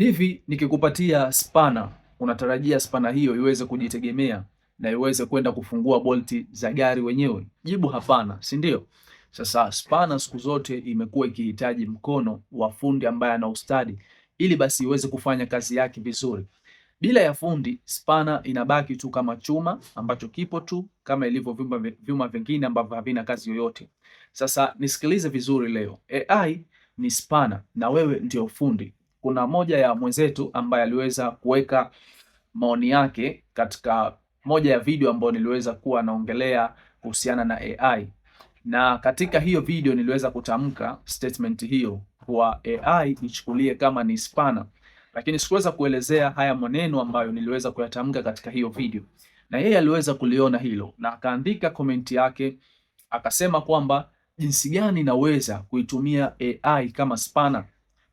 Hivi nikikupatia spana, unatarajia spana hiyo iweze kujitegemea na iweze kwenda kufungua bolti za gari wenyewe? Jibu hapana, si ndio? Sasa spana siku zote imekuwa ikihitaji mkono wa fundi ambaye ana ustadi ili basi iweze kufanya kazi yake vizuri. Bila ya fundi, spana inabaki tu kama chuma ambacho kipo tu kama ilivyo vyuma vingine ambavyo havina kazi yoyote. Sasa nisikilize vizuri leo, AI ni spana na wewe ndio fundi kuna moja ya mwenzetu ambaye aliweza kuweka maoni yake katika moja ya video ambayo niliweza kuwa naongelea kuhusiana na AI, na katika hiyo video niliweza kutamka statement hiyo kwa AI ichukulie kama ni spana, lakini sikuweza kuelezea haya maneno ambayo niliweza kuyatamka katika hiyo video, na yeye aliweza kuliona hilo na akaandika komenti yake akasema kwamba jinsi gani naweza kuitumia AI kama spana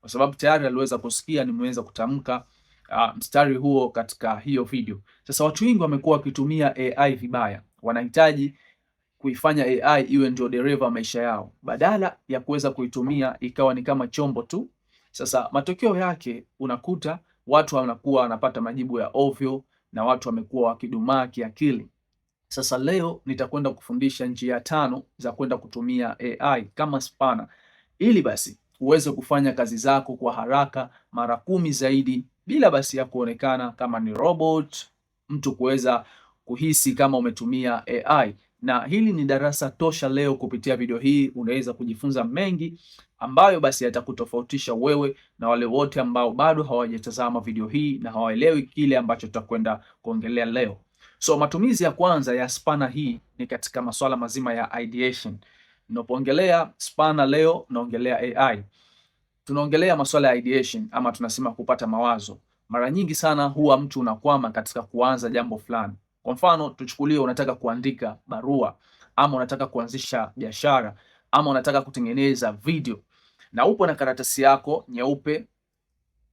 kwa sababu tayari aliweza kusikia, nimeweza kutamka uh, mstari huo katika hiyo video. Sasa watu wengi wamekuwa wakitumia AI vibaya, wanahitaji kuifanya AI iwe ndio dereva maisha yao badala ya kuweza kuitumia ikawa ni kama chombo tu. Sasa matokeo yake unakuta watu wanakuwa wanapata majibu ya ovyo na watu wamekuwa wakidumaa kiakili. Sasa leo nitakwenda kufundisha njia tano za kwenda kutumia AI kama spana, ili basi uweze kufanya kazi zako kwa haraka mara kumi zaidi, bila basi ya kuonekana kama ni robot, mtu kuweza kuhisi kama umetumia AI. Na hili ni darasa tosha leo. Kupitia video hii unaweza kujifunza mengi ambayo basi yatakutofautisha wewe na wale wote ambao bado hawajatazama video hii na hawaelewi kile ambacho tutakwenda kuongelea leo. So matumizi ya kwanza ya spana hii ni katika masuala mazima ya ideation. Ninapoongelea spana leo, naongelea AI. Tunaongelea masuala ya ideation ama tunasema kupata mawazo. Mara nyingi sana huwa mtu unakwama katika kuanza jambo fulani. Kwa mfano, tuchukulie unataka kuandika barua ama unataka kuanzisha biashara ama unataka kutengeneza video na upo na karatasi yako nyeupe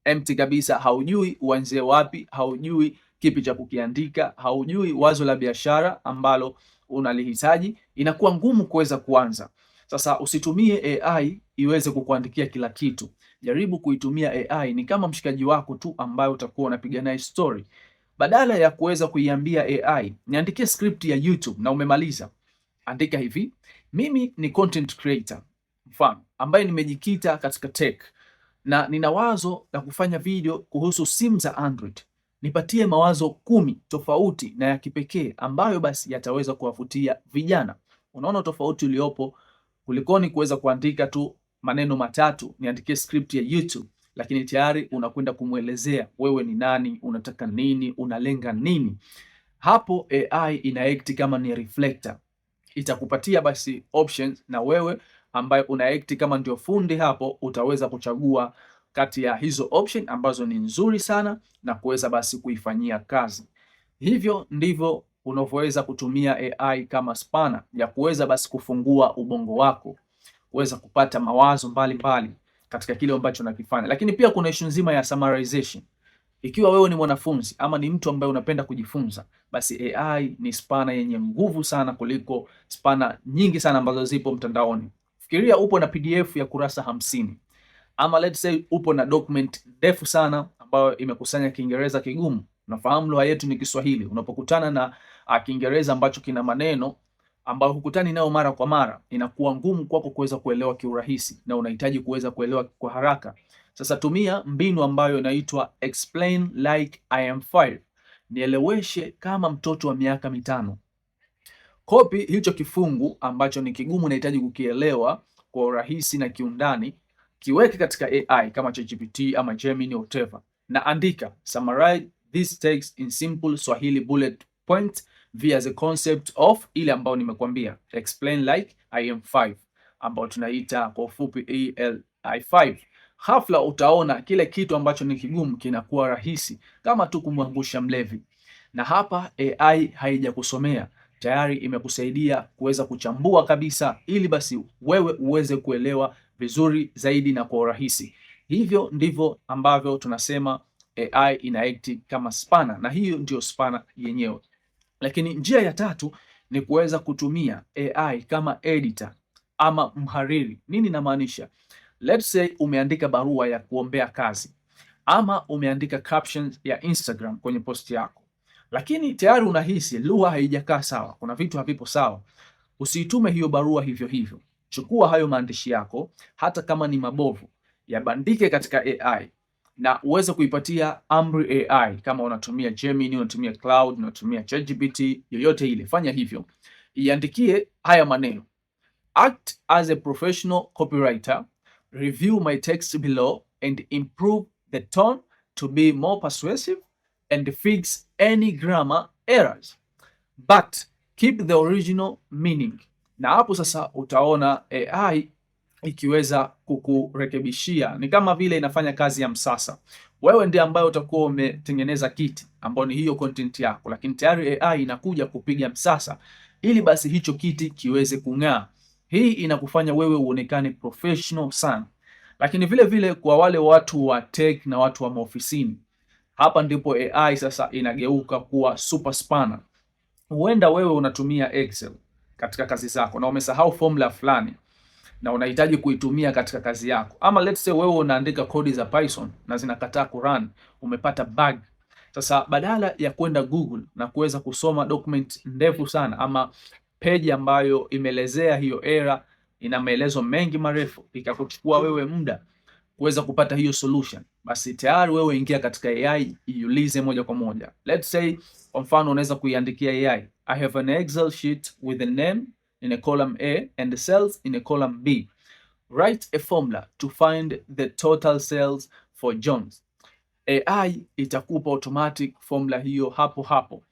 empty kabisa, haujui uanzie wapi, haujui kipi cha kukiandika, haujui wazo la biashara ambalo unalihitaji, inakuwa ngumu kuweza kuanza. Sasa usitumie AI iweze kukuandikia kila kitu. Jaribu kuitumia AI ni kama mshikaji wako tu ambaye utakuwa unapiga naye story. Badala ya kuweza kuiambia AI niandikie script ya YouTube na umemaliza, andika hivi: mimi ni content creator mfano, ambaye nimejikita katika tech na nina wazo la kufanya video kuhusu simu za Android nipatie mawazo kumi tofauti na ya kipekee ambayo basi yataweza kuwavutia vijana. Unaona tofauti uliopo kulikoni kuweza kuandika tu maneno matatu, niandikie script ya YouTube, lakini tayari unakwenda kumwelezea wewe ni nani, unataka nini, unalenga nini. Hapo AI ina act kama ni reflector, itakupatia basi options, na wewe ambaye una act kama ndio fundi hapo utaweza kuchagua kati ya hizo option ambazo ni nzuri sana na kuweza basi kuifanyia kazi. Hivyo ndivyo unavyoweza kutumia AI kama spana ya kuweza basi kufungua ubongo wako, kuweza kupata mawazo mbalimbali mbali katika kile ambacho unakifanya. Lakini pia kuna issue nzima ya summarization. Ikiwa wewe ni mwanafunzi ama ni mtu ambaye unapenda kujifunza, basi AI ni spana yenye nguvu sana kuliko spana nyingi sana ambazo zipo mtandaoni. Fikiria upo na PDF ya kurasa hamsini ama let's say upo na document ndefu sana ambayo imekusanya Kiingereza kigumu. Nafahamu lugha yetu ni Kiswahili. Unapokutana na uh, Kiingereza ambacho kina maneno ambayo hukutani nayo mara kwa mara, inakuwa ngumu kwako kuweza kuelewa kiurahisi na unahitaji kuweza kuelewa kwa haraka. Sasa tumia mbinu ambayo inaitwa explain like I am five, nieleweshe kama mtoto wa miaka mitano. Kopi hicho kifungu ambacho ni kigumu, unahitaji kukielewa kwa urahisi na kiundani kiweke katika AI kama ChatGPT ama Gemini whatever, na andika summarize this text in simple Swahili bullet point via the concept of ile ambayo nimekuambia, explain like I am 5 ambayo tunaita kwa ufupi AI5. Hafla utaona kile kitu ambacho ni kigumu kinakuwa rahisi kama tu kumwangusha mlevi, na hapa AI haijakusomea tayari, imekusaidia kuweza kuchambua kabisa, ili basi wewe uweze kuelewa vizuri zaidi na kwa urahisi. Hivyo ndivyo ambavyo tunasema AI ina act kama spana, na hiyo ndio spana yenyewe. Lakini njia ya tatu ni kuweza kutumia AI kama editor ama mhariri. Nini namaanisha? Let's say umeandika barua ya kuombea kazi ama umeandika captions ya Instagram kwenye posti yako, lakini tayari unahisi lugha haijakaa sawa, kuna vitu havipo sawa. Usiitume hiyo barua hivyo hivyo. Chukua hayo maandishi yako, hata kama ni mabovu, yabandike katika AI na uweze kuipatia amri AI. Kama unatumia Gemini, unatumia Cloud, unatumia ChatGPT yoyote ile, fanya hivyo, iandikie haya maneno: act as a professional copywriter, review my text below and improve the tone to be more persuasive and fix any grammar errors but keep the original meaning na hapo sasa utaona AI ikiweza kukurekebishia. Ni kama vile inafanya kazi ya msasa. Wewe ndiye ambaye utakuwa umetengeneza kiti ambao ni hiyo content yako, lakini tayari AI inakuja kupiga msasa ili basi hicho kiti kiweze kung'aa. Hii inakufanya wewe uonekane professional sana, lakini vile vile kwa wale watu wa tech na watu wa maofisini, hapa ndipo AI sasa inageuka kuwa super spanner. Huenda wewe unatumia Excel katika kazi zako na umesahau formula fulani na unahitaji kuitumia katika kazi yako, ama let's say wewe unaandika kodi za Python na zinakataa kurun, umepata bug. Sasa badala ya kwenda Google na kuweza kusoma document ndefu sana ama peji ambayo imeelezea hiyo era, ina maelezo mengi marefu, ikakuchukua wewe muda kuweza kupata hiyo solution, basi tayari wewe ingia katika AI iulize moja kwa moja. Let's say kwa mfano unaweza kuiandikia AI, I have an Excel sheet with a name in a column A and the cells in a column B. Write a formula to find the total sales for Jones. AI itakupa automatic formula hiyo hapo hapo.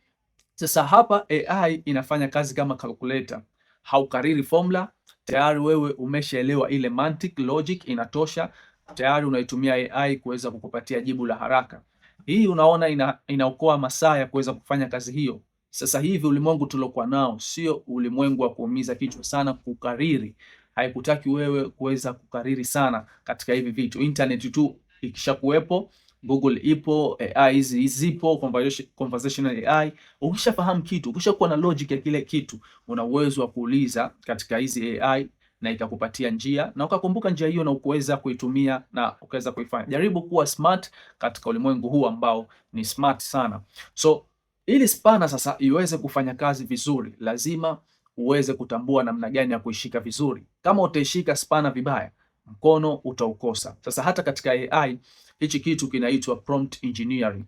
Sasa hapa AI inafanya kazi kama calculator. Haukariri formula, tayari wewe umeshaelewa ile mantic logic inatosha tayari unaitumia AI kuweza kukupatia jibu la haraka. Hii unaona ina, inaokoa masaa ya kuweza kufanya kazi hiyo. Sasa hivi ulimwengu tuliokuwa nao sio ulimwengu wa kuumiza kichwa sana kukariri, haikutaki wewe kuweza kukariri sana katika hivi vitu. Internet tu ikishakuwepo, Google ipo, AI hizi zipo, conversational AI. Ukishafahamu kitu, ukishakuwa na logic ya kile kitu, una uwezo wa kuuliza katika hizi AI na itakupatia njia na ukakumbuka njia hiyo na ukuweza kuitumia na ukaweza kuifanya. Jaribu kuwa smart katika ulimwengu huu ambao ni smart sana. So ili spana sasa iweze kufanya kazi vizuri, lazima uweze kutambua namna gani ya kuishika vizuri. Kama utaishika spana vibaya, mkono utaukosa. Sasa hata katika AI hichi kitu kinaitwa prompt engineering.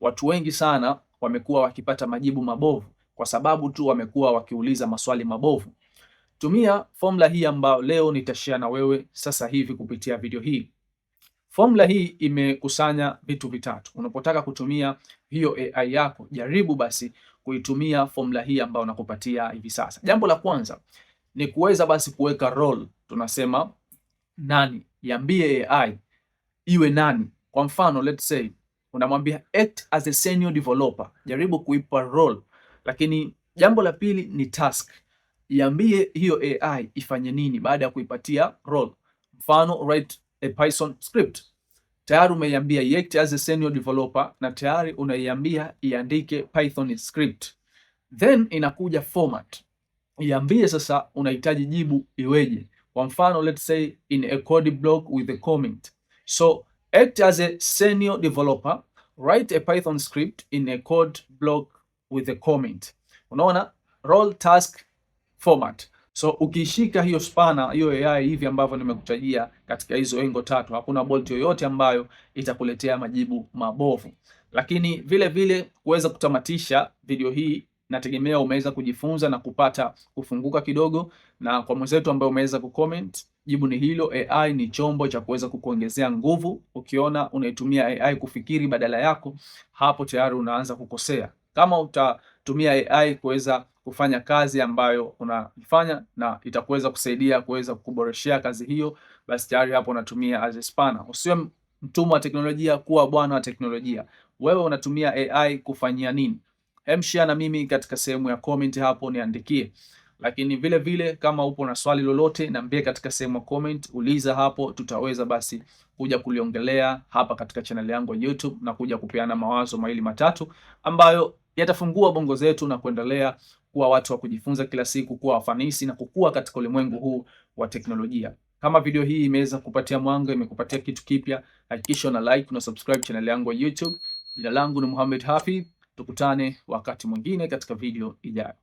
Watu wengi sana wamekuwa wakipata majibu mabovu kwa sababu tu wamekuwa wakiuliza maswali mabovu. Tumia formula hii ambayo leo nitashare na wewe sasa hivi kupitia video hii. Formula hii imekusanya vitu vitatu. Unapotaka kutumia hiyo AI yako, jaribu basi kuitumia formula hii ambayo nakupatia hivi sasa. Jambo la kwanza ni kuweza basi kuweka role, tunasema nani, yambie AI iwe nani. Kwa mfano, let's say unamwambia act as a senior developer, jaribu kuipa role. Lakini jambo la pili ni task iambie hiyo AI ifanye nini baada ya kuipatia role. Mfano, write a Python script. Tayari umeiambia iAct as a senior developer na tayari unaiambia iandike Python script. Then inakuja format. Iambie sasa unahitaji jibu iweje. Kwa mfano, let's say in a code block with a comment. So, act as a senior developer, write a Python script in a code block with a comment. Unaona, role task format. So ukishika hiyo spana hiyo AI hivi ambavyo nimekutajia katika hizo engo tatu, hakuna bolt yoyote ambayo itakuletea majibu mabovu. Lakini vile vile kuweza kutamatisha video hii, nategemea umeweza kujifunza na kupata kufunguka kidogo. Na kwa mwenzetu ambaye umeweza kucomment, jibu ni hilo, AI ni chombo cha kuweza kukuongezea nguvu. Ukiona unaitumia AI kufikiri badala yako, hapo tayari unaanza kukosea. Kama utatumia AI kuweza kufanya kazi ambayo unaifanya na itakuweza kusaidia kuweza kuboreshea kazi hiyo, basi tayari hapo unatumia as a spanner. Usiwe mtumwa wa teknolojia, kuwa bwana wa teknolojia. Wewe unatumia AI kufanyia nini? Hem, share na mimi katika sehemu ya comment hapo niandikie, lakini vile vile kama upo na swali lolote niambie katika sehemu ya comment, uliza hapo, tutaweza basi kuja kuliongelea hapa katika channel yangu ya YouTube na kuja kupeana mawazo mawili matatu ambayo yatafungua bongo zetu na kuendelea kuwa watu wa kujifunza kila siku, kuwa wafanisi na kukua katika ulimwengu huu wa teknolojia. Kama video hii imeweza kupatia mwanga, imekupatia kitu kipya, hakikisha una like na subscribe channel yangu ya YouTube. Jina langu ni Muhammad Hafidh, tukutane wakati mwingine katika video ijayo.